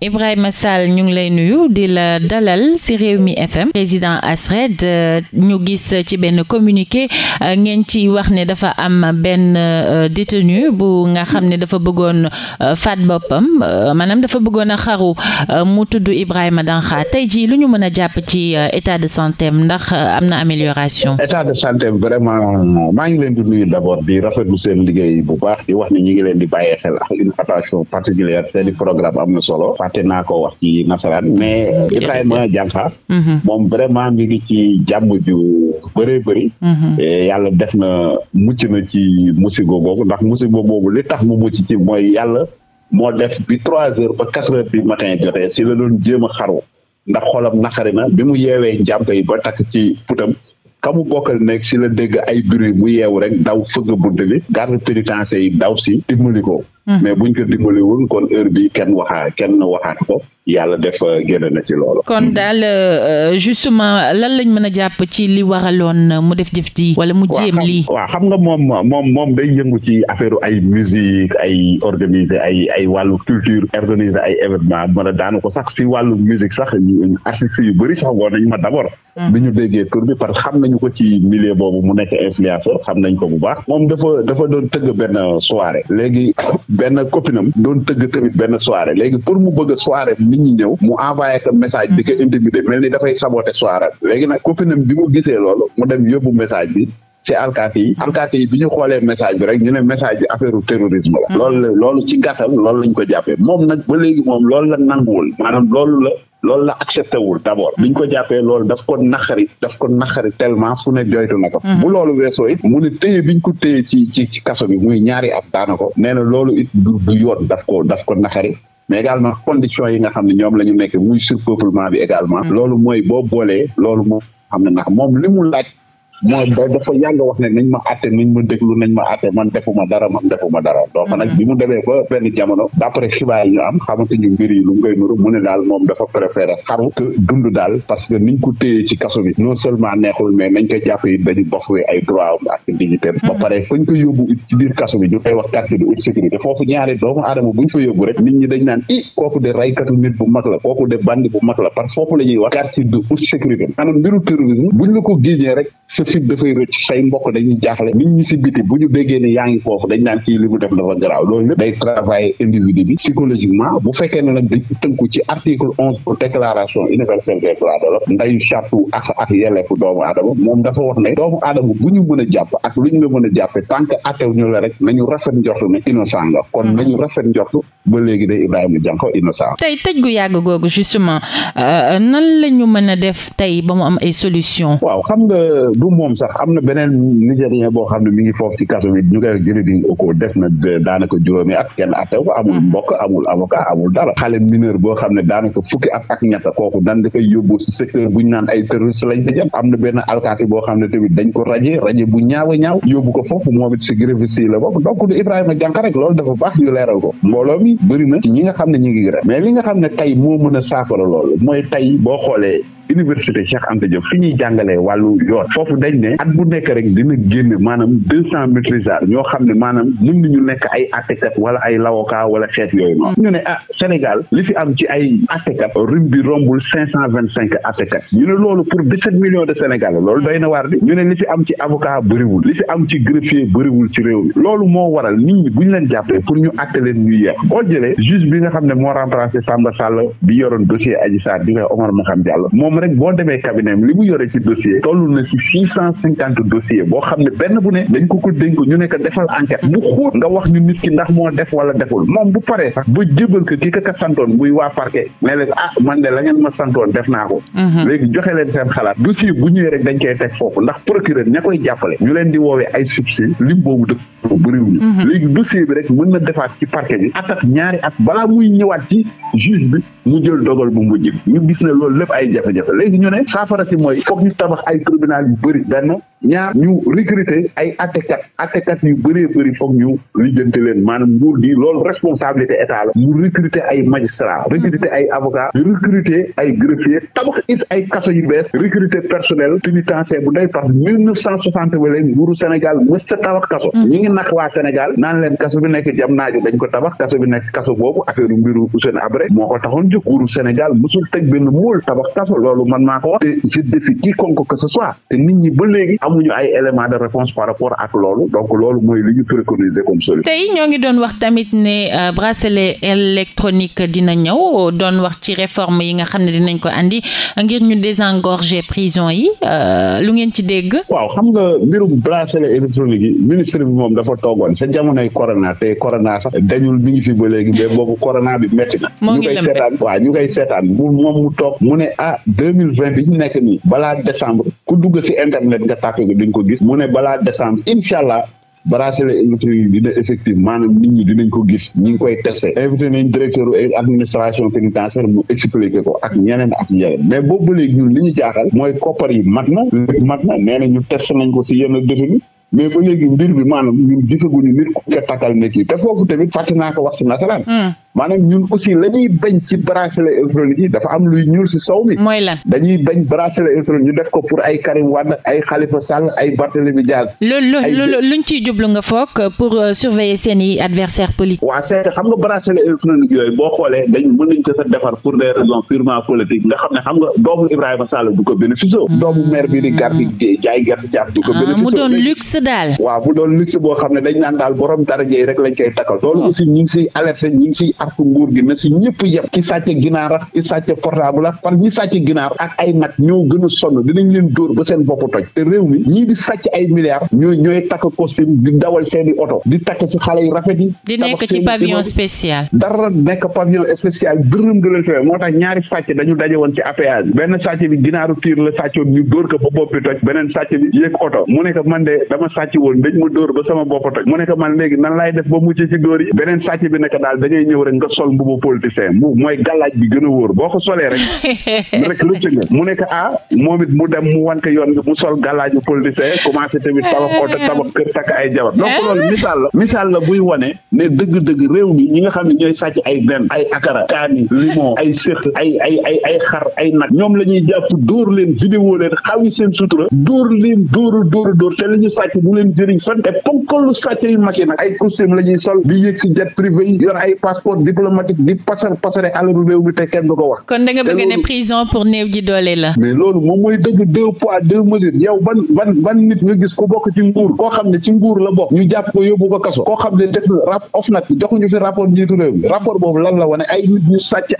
Ibrahima Sall ñu ngi lay nuyu di la dalal ci mi FM président ASRED euh, ñu gis ci benn communiqué euh, ngeen ci wax ne dafa am benn euh, détenu bu nga xam ni dafa bëggoon faat boppam maanaam dafa bëggoon a xaru mu tudd Ibrahima Danxa tey jii lu ñu mën a jàpp ci état de santé ndax am na amélioration. état de santé vraiment maa ngi leen di nuyu d'abord di rafetlu seen liggéey bu baax di wax ni ñu ngi leen di bàyyee xel seen i programme am na solo. te naa ko wax ci nasaraan mais Ibrahima Dianka mhm. moom vraiment mi ngi ci jàmm ju bëree bëri mhm. yàlla def na mucc na ci musiba googu ndax musiba boobu li tax mu mucc ci mooy yàlla moo def bi trois heures ba quatre heures du matin jotee si la doon jéem a xaru ndax xolam naqari na bi mu yeewee njàmpe yi ba takk ci putam ka mu bokkal nekk si la dégg ay bruit mu yeew rek daw fëgg bunt bi garde pénitentiaire yi daw si dimbali ko Mm. mais buñ ko dimbali woon kon heure bi kenn kenn waxaat ko yàlla def euh, génn na ci loolu. kon mm. daal euh, justement lan lañ mën a jàpp ci li waraloon euh, mu def jëf ji. wala mu jéem lii waaw xam nga moom moom moom day yëngu ci affaire ay musique ay organiser ay ay wàllu culture organiser ay événement mën a ko sax si wàllu musique sax ñu yu bëri sax woon nañ ma d'abord. Mm. bi ñu déggee tur bi xam nañ ko ci milieu boobu mu nekk influenceur xam nañ ko bu baax. moom dafa dafa doon tëgg benn soirée léegi. benn copinam doon tëgg tamit benn soirée léegi pour mu bëgg a soirée nit ñi ñëw mu envoyé ko message di ko mhm. intimider mel ni dafay saboter soirée léegi nag copinam bi mu gisee loolu mu dem yóbbu message bi ci alkaati yi bi ñu xoolee message bi rek ñu ne message bi affaire u terrorisme la mm-hmm. loolu la loolu ci gàttal loolu lañ ko jàppee moom nag ba léegi moom loolu la nanguwul maanaam loolu la loolu la accepté wul d' abord mm-hmm. biñ ko jàppee loolu daf ko naxari daf ko naxari tellement fu ne joytu na ko mm-hmm. bu loolu weesoo it mu ne téye biñ ko téye ci ci ci kaso bi muy ñaari at daana ko nee na loolu it du du yoon daf ko daf naxari mais également conditions yi nga xam ne ñoom la ñu nekk muy surpeuplement bi également loolu mooy boo boolee loolu moo xam ne nag moom li mu laaj mooy da dafa yàgg wax ne nañ ma àtte nañ ma defuma dara man defuma dara donc mm-hmm. nag bi mu demee ba benn jamono d'après xibaar yi ne daal moom dafa préféré xaru que dund daal parce que niñ ko téyee ci kaso bi non seulement neexul mais nañ ko jàpp yi dañu bafoué ay droit am ak dignité ba mm-hmm. pare bi ñu koy wax quartier de haute sécurité foofu ñaari doomu aadama buñ fa yóbbu rek nit ñi dañ naan i kooku de raykatu nit bu mag la kooku de bandi bu mag la par foofu la ñuy wax quartier mbiru terrorisme sib dafay rëcc say mbokk dañuy jaaxle nit ñi si biti bu ñu déggee ne yaa ngi foofu dañ naan kii li mu def dafa garaaw loolu lépp day travailler individu bi psychologiquement bu fekkee ne nag de l'homme ndayu charte a a jàppe mm-hmm. euh, a def tey ba mu am ay solution waaw xam nga moom sax am na beneen nigérien boo xam ne mi ngi foofu ci kaso bi ñu koy wax Gréding Oko def na daanaka juróomi at kenn attew ko amul mhm. mbokk amul avocat amul dara xale mineur boo xam ne daanaka fukki at ak ñett kooku dan da koy yóbbu bu ñu naan ay terroriste lañ ko am na benn alkaati boo xam ne tamit dañ ko raje raje bu ñaaw a ñaaw yóbbu ko foofu moom it si grévistes yi la bokk donc du Ibrahima Diankha rek loolu dafa baax ñu leeral ko mbooloo mi bëri na ci ñi nga xam ne ñi ngi grève mais li nga xam ne tey moo mën a saafara lool mooy tey boo xoolee université Cheikh Anta Diop fi ñuy jàngalee wàllu yoon foofu dañ ne at bu nekk rek dina génne maanaam deux cent maîtrisards ñoo xam ne maanaam mën nañu nekk ay attekat wala ay lawoka wala xeet yooyu noonu mm. ñu ne ah Sénégal li fi am ci ay attekat rim bi rombul cinq cent vingt cinq attekat ñu ne loolu pour dix-sept millions de Sénégalais loolu doy na waar bi ñu ne li fi am ci avocat bëriwul li fi am ci greffier bëriwul ci réew mi loolu moo waral nit ñi bu ñu leen jàppee pour ñu atte leen ñuy yeex boo jëlee xam ne moo remplacé Samba Sall bi yoroon dossier Adji Sarr bi rek boo demee cabinet am li mu yore ci dossier toll na ci six cent cinquante dossier boo xam ne benn bu ne dañ ko ko dénk ñu ne ko defal enquête bu xóot nga wax ñu nit ki ndax moo def wala deful moom bu paree sax ba jébal ko ki ka santoon muy waa parquet ne leen ah man de la ngeen ma santoon def naa ko mm-hmm. léegi joxe leen seen xalaat dossier bu ñëwee rek dañ koy teg foofu ndax procureur ña koy jàppale ñu leen di woowee ay substitut lim boobu dëkk bëriwuñu mm-hmm. léegi dossier bi ci parquet bi atas ñaari at balaa muy ñëwaat ci juge bi mu jël gis ne loolu lépp ay jafe léegi ñu ne saafara si mooy foog ñu tabax ay tribunal yu bëri benn ñaar ñu recruter ay attekat attekat yu bëree bëri foog ñu lijjante leen maanaam nguur gi loolu responsabilité état la mu recruter ay magistrat recruter ay avocat recruter ay greffier tabax it ay kaso yu bees recruter personnel pénitentiaire bu day parce que mille neuf cent soixante ba léegi nguuru Sénégal mës ta tabax kaso mm. ñi ngi nag waa Sénégal naan leen kaso bi nekk jam naaju dañ ko tabax kaso bi nekk kaso boobu affaire mbiru Hissène Habré moo ko taxoon jóg nguuru Sénégal mësul teg benn muul tabax kaso loolu loolu man maa ko wax te je nit ñi ba léegi amuñu ay éléments de réponse par rapport ak loolu donc loolu mooy li préconiser comme solution. tey ñoo ngi doon wax tamit ne euh, bracelet électronique dina ñëw doon wax ci réforme yi nga xam ne dinañ ko andi ngir ñu désengorger prison yi euh, lu ngeen ci dégg. waaw xam nga mbirum bracelet électronique yi ministre bi moom dafa toogoon sa jamonoy corona te corona sax dañul mi ngi fi ba léegi boobu corona bi métti ñu koy deux mille vingt bi ñu nekk nii balaa décembre ku dugg ci internet nga tàppe ko dañ ko gis mu ne balaa décembre incha allah bracelet électronique yi dina effective ni nit ñi dinañ ko gis ñi ngi koy testé invité nañ directeur administration pénitentiaire mu expliqué ko ak ñeneen ak yeneen mais bo ba léegi ñun li ñu jaaxal mooy koppar yi mat na lépp mat na nee na ñu testé nañ ko ci yenn détenu mais ba léegi mbir bi maanaam ñun gisaguñu nit ku ko takkal ne kii te foofu tamit fàtte naa ko wax ci nasaraan hmm. maanaam ñun aussi la ñuy bañ ci bracelet électronique dafa am luy ñuul si sow mi. mooy lan dañuy bañ bracelet électronique ñu def ko pour ay Karim Wade ay Khalifa ay Barthélémy Diaz. ay lu luñ ciy jublu nga foog euh, pour euh, surveiller seen i adversaires politiques. waaw c'est que xam nga bracelet électronique yooyu boo xoolee dañ mën nañ ko sa defar pour des raisons purement politiques nga xam ne xam nga doomu Ibrahima Sall du ko bénéficié. Hmm. doomu maire bi di gar di hmm. jaay jaaf du ko bénéficié. Ah, mu doon luxe daal. waaw mu doon luxe boo xam ne dañ naan daal borom dara jëy rek lañ koy takkal. loolu hmm. aussi ñu ngi siy ñu ngi siy ak nguur gi na si ñëpp yem ci sàcc ginaar ak ki sàcc portable ak par ñi sàcc ginaar ak ay nag ñoo gën a sonn dinañ leen dóor ba seen bopp toj te réew mi ñii di sàcc ay milliards ñooy ñooy takk costume di dawal seeni oto di takk si xale yu rafet yi di nekk ci pavillon spécial dara nekk pavillon spécial dërëm du leen fee moo tax ñaari sàcc dañu daje woon si APA bi benn sàcc bi ginaaru tiir la sàccoon ñu dóor ko ba bopp toj beneen sàcc bi yéeg oto mu ko man de dama sàcc woon dañ ma ba sama bopp toj mu ne ko nan laay def ba mucc ci dóor yi beneen sàcc bi nekk ñëw rek nga sol mbubu politicien mbubu mooy galaaj bi gën a wóor boo ko solee rek mu nekk ah moom it mu dem mu wan ko yoon bi mu sol galaaj bu politicien commencé tamit tabax oto tabax kër takk ay jabar donc eh? loolu misaal la misaal la buy wane ne dëgg-dëgg réew mi ñi nga xam ne ñooy sàcc ay nen ay akara kaani limon ay sëx ay ay ay ay xar ay nag ñoom la ñuy jàpp dóor leen vidéo leen xawi seen sutura dóor leen dóor dóor dóor te li ñu sàcc bu leen jëriñ fan te ponkalu sàcc yu yi nag ay costume la diplomatique di pasar pasare alalu réew mi te kenn du ko wax. kon da nga bëgg ne prison pour néew ji doole la. mais loolu moom mooy dëgg deux poids deux mesures yow nit nga gis ku bokk ci nguur koo xam ne ci nguur la bokk ñu jàpp ko yóbbu ko kaso xam ne def rap of nag joxuñu fi boobu lan la wane ay nit ñu sàcc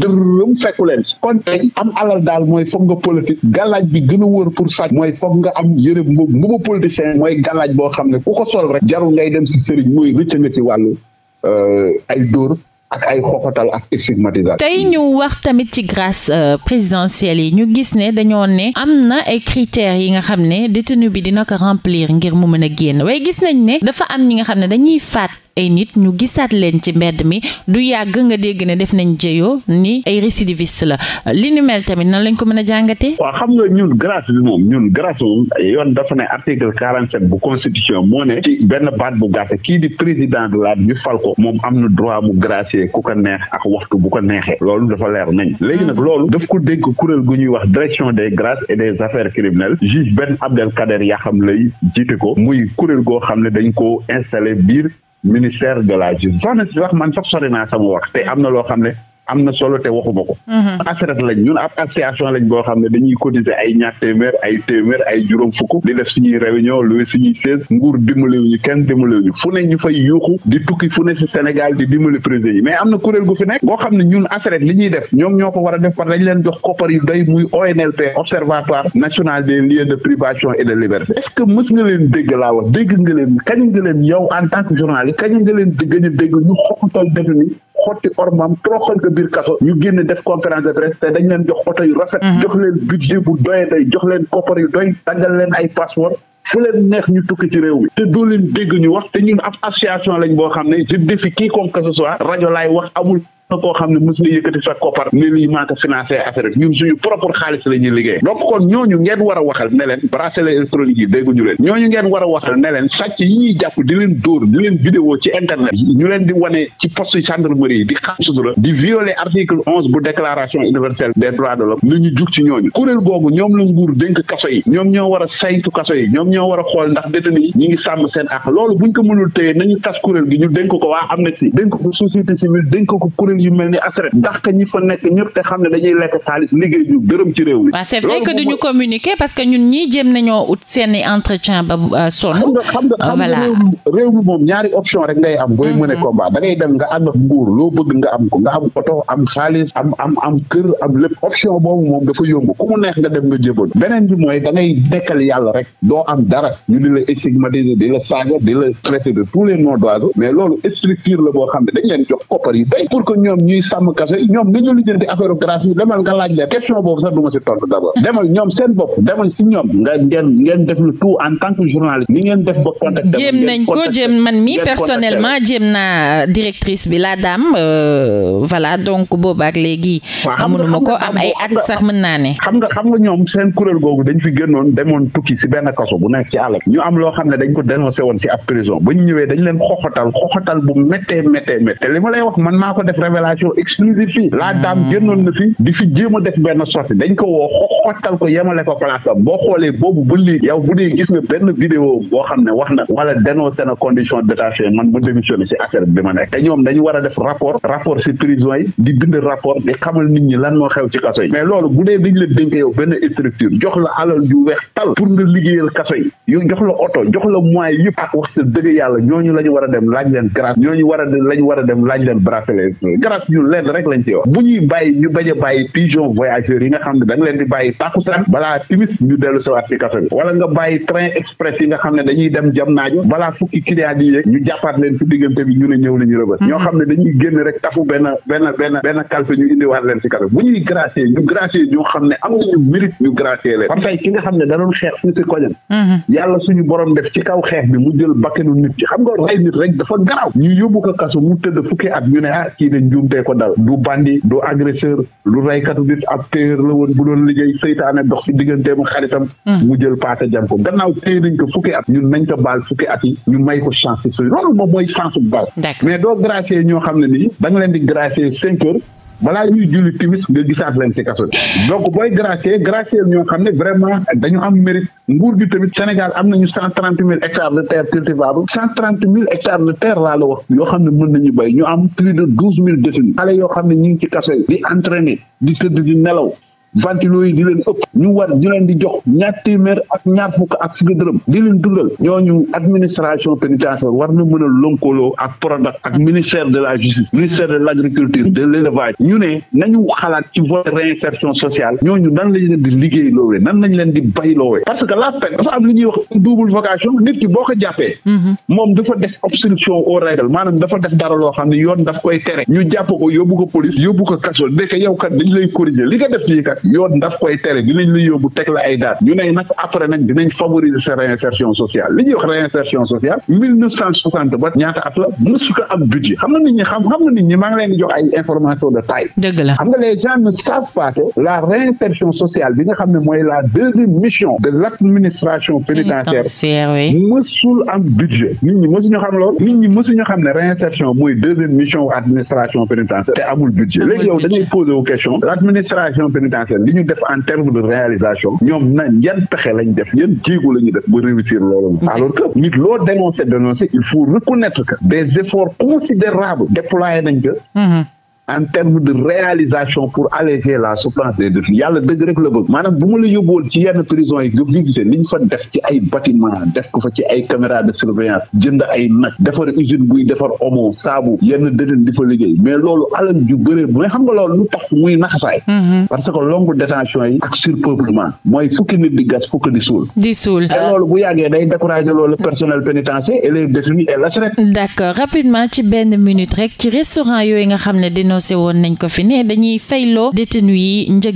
dërëm fekku leen kon tey am alal daal mooy foog nga politique galaaj bi gën a wóor pour sàcc mooy foog nga am yëre mbubu politicien mooy galaaj boo xam ne ku ko sol rek jaru ngay dem si sëriñ mooy rëcc nga ci wàllu Euh, ay dóor ak ay xoxatal ak stigmatisation. tey ñu wax tamit ci grâce euh, présidentielle yi ñu gis ne dañoo ne am na ay critères yi nga xam ne détenu bi dina ko remplir ngir mu mën a génn waaye gis nañ ne dafa am ñi nga xam ne dañuy faat ay nit ñu gisaat leen ci mbedd mi du yàgg nga dégg ne def nañ jëyoo ni ay récidiviste la li ni tamit nan lañ ko mën a jàngatee. waaw xam nga ñun grâce bi moom ñun grâce moom yoon dafa ne article quarante sept bu constitution moo ne ci benn baat bu gàtt kii di président de la ñu fal ko moom am na droit mu gracier ku ko neex ak waxtu bu ko neexee loolu dafa leer nañ hmm. léegi nag loolu daf ko dégg kuréel gu ñuy wax direction des grâces et des affaires criminelles juge Ben Abdelkader Yaxam lay jiite ko muy kuréel goo xam ne dañ ko installé biir ministère de la justice soxna si wax man sax sori naa sama wax te am na loo xam ne am na solo te waxuma ko. Mhm. asret lañ ñun ab association lañ boo xam ne dañuy cotiser ay ñaar téeméer ay téeméer ay juróom fukk di def suñuy réunion lu suñuy seize nguur dimbaliwuñu kenn dimbaliwuñu fu ne ñu fay yuuxu di tukki fu ne si Sénégal di dimbali président mais am na kuréel gu fi nekk boo xam ne ñun asret li ñuy def ñoom ñoo ko war a def par dañ leen jox koppar yu doy muy ONLP observatoire national des lieux de privation et de liberté est que mës nga leen dégg dégg nga leen kañ nga leen yow tant que journaliste kañ nga leen di gën a dégg ñu xotti ormam toroxal ka biir kaso ñu génn def conférence de presse te dañ leen jox oto yu rafet mhm. jox leen budget bu doye doy jox leen koppar yu doy tàggal leen ay passeport fu leen neex ñu tukki ci réew mi te doo leen dégg ñu wax te ñun ab association lañ boo xam ne je défie quiconque que ce soit rajo laay wax amul na koo xam ne mës yëkkati sa koppar ne lii maa ko financé affaire ñun suñu propre xaalis la liggéey donc kon ñooñu ngeen war a waxal ne leen bracelet électronique yi dégguñu leen ñooñu ngeen war a waxal ne sàcc yi ñuy jàpp di leen dóor di leen vidéo ci internet ñu leen di wane ci poste gendarmerie yi di xam sutura di violer article onze bu déclaration universelle des droits de l'homme lu ñu jug ci ñooñu kuréel googu ñoom la nguur dénk kaso yu mel ni asret dàq ñi fa nekk ñëpp te xam ne dañuy lekk xaalis liggéey ñu dërëm ci réew mi. waaw c'est vrai que duñu communiquer parce que ñun ñii jéem ba moom ñaari option rek ngay am. Mm-hmm. dem nga ànd ak nguur loo bëgg nga am ko nga am oto am xaalis am am am kër am lépp option boobu moom dafa yomb ku mu neex nga dem nga jébbal beneen bi mooy da ngay nekkal yàlla rek doo am dara ñu di la stigmatiser di la saaga di la traiter de tous les noms mais loolu structure la boo xam ne dañ leen jox koppar yi doy pour que ñoom ñuy sàmm kase ñoom nañu lijjanti affaire grâce yi demal nga laaj leen question boobu sax du ma si tontu d' abord demal ñoom seen bopp demal si ñoom en tant que journaliste ni ngeen def ba contacté jéem nañ ko jéem man mi personnellement jéem naa directrice bi la dame euh, voilà donc boobaak léegi amunuma ko am ay at sax mën naa ne xam nga xam nga ñoom seen kuréel googu dañ fi génnoon demoon tukki si benn kaso bu nekk ci àll ñu am loo xam ne dañ ko dénoncé woon si ab prison bu ñu ñëwee dañ leen xoxotal xoxotal bu méttee m méttee li révélation exclusive fii laa hmm. daam génnoon na fi di fi jéem a def benn sortie dañ ko woo xottal ko yemale ko place am boo xoolee boobu ba léegi yow bu dee gis nga benn vidéo boo xam ne wax na wala dénoncé na condition détaché man ma démissionné si affaire bi ma nekk te ñoom dañu war a def rapport rapport si prison yi di bind rapport di xamal nit ñi lan moo xew ci kaso yi mais loolu bu dee dañ la dénk yow benn structure jox la alal yu weex tal pour nga l kaso yi la oto jox la moyens yëpp ak wax yàlla ñooñu la ñu war a dem laaj leen grâce ñooñu war a la ñu a dem laaj leen bracelet garab ñu lenn rek lañ ci wax bu ñuy bàyyi ñu bañ a yi nga xam ne da leen di bàyyi takkusaan balaa timis ñu dellu sawaat si kaso bi wala nga bàyyi train express yi nga xam ne dañuy dem jam naajo balaa fukki client ne ñëw nañu bu ñuy gracier ñu gracier ñoo xam ne am nañu mérite ñu gracier leen parce ki nga xam ne da doon xeex si si koñam mm-hmm. yàlla suñu borom def ci kaw xeex bi mu jël bakkanu nit ci xam nga rey nit rek dafa garaaw ñu yóbbu ko kaso mu tëdd fukki at ñu ne ah kii njuumtee ko dal du bandi du agresseur lu raykatu nit ab téer la woon bu doon liggéey seytaane dox si digganteem xaritam hmm. mu jël paaka jam ko gannaaw téye nañ ko fukki at ñun nañ ko baal fukki at yi ñu may ko chance si loolu moom mooy chance bu base mais doo gracier ñoo xam ne nii da nga leen di gracier cinq balaa ñuy julli timis nga gisaat leen si kaso donc booy gracier gracier ñoo xam ne vraiment dañu am mérite nguur gi tamit Sénégal am nañu cent trente mille hectares de terre cultivable cent trente mille hectares de terre laa la yoo xam ne mën nañu béy ñu am plus de douze mille détenus xale yoo xam ne ñu ngi ci kaso yi di entraîner di tëdd di nelaw ventilo yi di leen ëpp ñu war di leen di jox ñaar téeméer ak ñaar fukk ak fukki dërëm di leen dundal ñooñu administration pénitentiaire war na mën a lënkaloo ak Prodac ak ministère de la justice ministère de l' agriculture de l' ñu ne nañu xalaat ci volet réinsertion sociale ñooñu nan lañ leen di liggéey loowee nan lañ leen di bay loowee parce que la peine dafa am li ñuy wax double vocation nit ki boo ko jàppee mhm. moom dafa def obstruction aux règles maanaam def dara loo xam ne yoon daf koy tere ñu jàpp ko yóbbu ko ko kaso dëkk yow kat dañ lay yoon daf koy tere dinañ la yóbbu teg la ay dates ñu ne nag après nag dinañ favoriser sa réinsertion sociale li ñuy wax réinsertion sociale mille neuf cent soixante ba ñaata at la mësu am budget na nit ñi xam leen jox ay information de taille. dëgg la xam bi nga xam ne mooy la deuxième mission de l' administration pénitentiaire mësul am budget nit ñi mësuñu xam lool nit ñi mësuñu xam ne réinsertion mooy deuxième mission administration pénitentiaire te amul budget léegi yow dañuy poser wu question l' administration que li ñu def en terme de réalisation ñoom na yan pexe lañ def yan jéego la ñu def ba réussir loolu alors que nit loo dénoncer dénoncer il faut reconnaître que des efforts considérables déployés nañ ko mm-hmm. en termes de réalisation pour alléger la souffrance des détenus yàlla dëgg rek la bëgg maanaam bu ma la yóbbuwoon ci yenn prison yi nga fa def ci ay bâtiment def ko fa ci ay caméra de surveillance jënd ay nag defar usine buy defar omo saabu yenn détenu di fa liggéey mais loolu alal ju mais xam nga loolu lu tax muy naxasaay mm-hmm. parce que longue détention yi ak surpeuplement mooy fukki nit di gas fukki di suul di suul te loolu bu yàggee day décourager annoncé woon nañ ko fi ne dañuy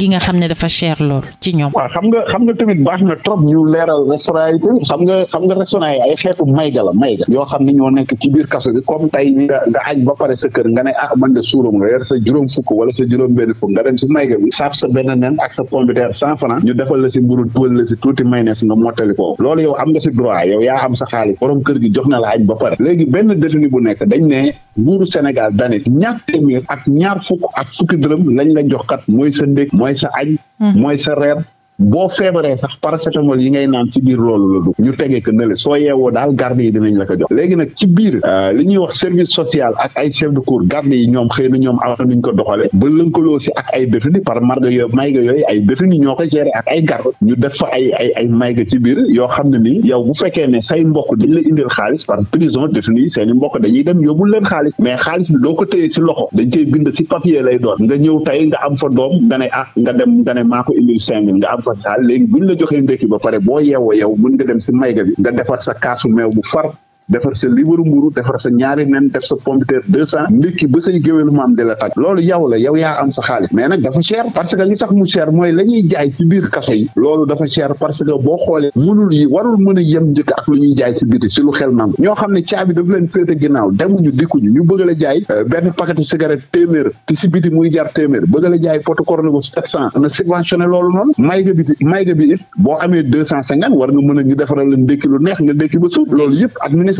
gi nga xam ne dafa cher lool ci ñoom. waaw xam xam nga tamit baax na trop ñu leeral restaurant yi tamit xam nga xam nga restaurant yi ay xeetu la mayga yoo xam ne ñoo nekk ci biir kaso bi comme tey nga añ ba pare sa kër nga ne ah man de suuram nga yor sa juróom fukk wala sa juróom benn fukk nga dem si mayga bi sa benn nen ak sa pomme de terre cent ñu defal la si mburu tuwal la si tuuti mayonnaise nga mottali ko loolu yow am nga si droit yow yaa am sa xaalis borom kër gi jox na la añ ba pare léegi benn détenu bu nekk dañ ne nguuru Sénégal dane ñaar téeméer ak ak ñaar fukk ak fukki dërëm lañ la jox kat mooy sa ndékk mooy sa añ mm-hmm. mooy sa reer boo feebaree sax paracétamol yi ngay naan si biir loolu la dugg ñu tegee ko nële soo yeewoo daal garde yi dinañ la ko jox léegi nag ci biir euh, li ñuy wax service social ak ay chef de cour garde yi ñoom xëy na ñoom am na ñu ko doxale ba lënkaloo ak ay détenu par marga yooyu mayga yooyu ay détenu ñoo ko gérer ak ay garde ñu def fa ay ay ay mayga ci biir yoo xam ne nii yow bu fekkee ne say mbokk dañ la indil xaalis par prison détenu yi seen mbokk dañuy dem yóbbul leen xaalis mais xaalis bi doo ko téye si loxo dañ koy bind si papier lay doon nga ñëw tey nga am fa doom nga ah, nga dem nga ne maa ko am defar daal léegi buñ la joxee ndékki ba pare boo yeewoo yow mën nga dem si ga bi nga defar sa kaasu meew bu far defar sa liibaru mburu defar sa ñaari nen def sa pompiteer deux cent ndékki ba say géwélu maam di la tàgg loolu yow la yow yaa am sa xaalis mais nag dafa cher parce que li tax mu cher mooy la ñuy jaay ci biir kaso yi loolu dafa cher parce que boo xoolee mënul yi warul mën a yem njëkk ak lu ñuy jaay ci biti si lu xel nangu ñoo xam ne caabi daf leen féete ginnaaw demuñu dikkuñu ñu bëgg la jaay euh, benn paquetu cigarette téeméer te si biti muy jar téeméer bëgg jaay potu coronavirus sept cent na subventionné boo amee deux cent cinquante war nga mën leen ndékki lu neex nga ndékki ba suuf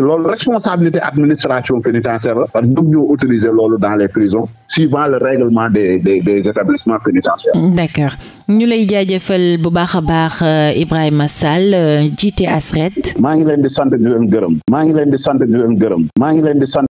ministre loolu responsabilité administration pénitentiaire la parce que ñoom ñoo loolu dans les prisons suivant le règlement des des des établissements pénitentiaires. d'accord ñu lay jaajëfal bu baax a baax euh, Ibrahima Sall euh, jiite ASRED. maa ngi leen di sant di gërëm. maa ngi leen di sant di leen gërëm. maa ngi leen di sant.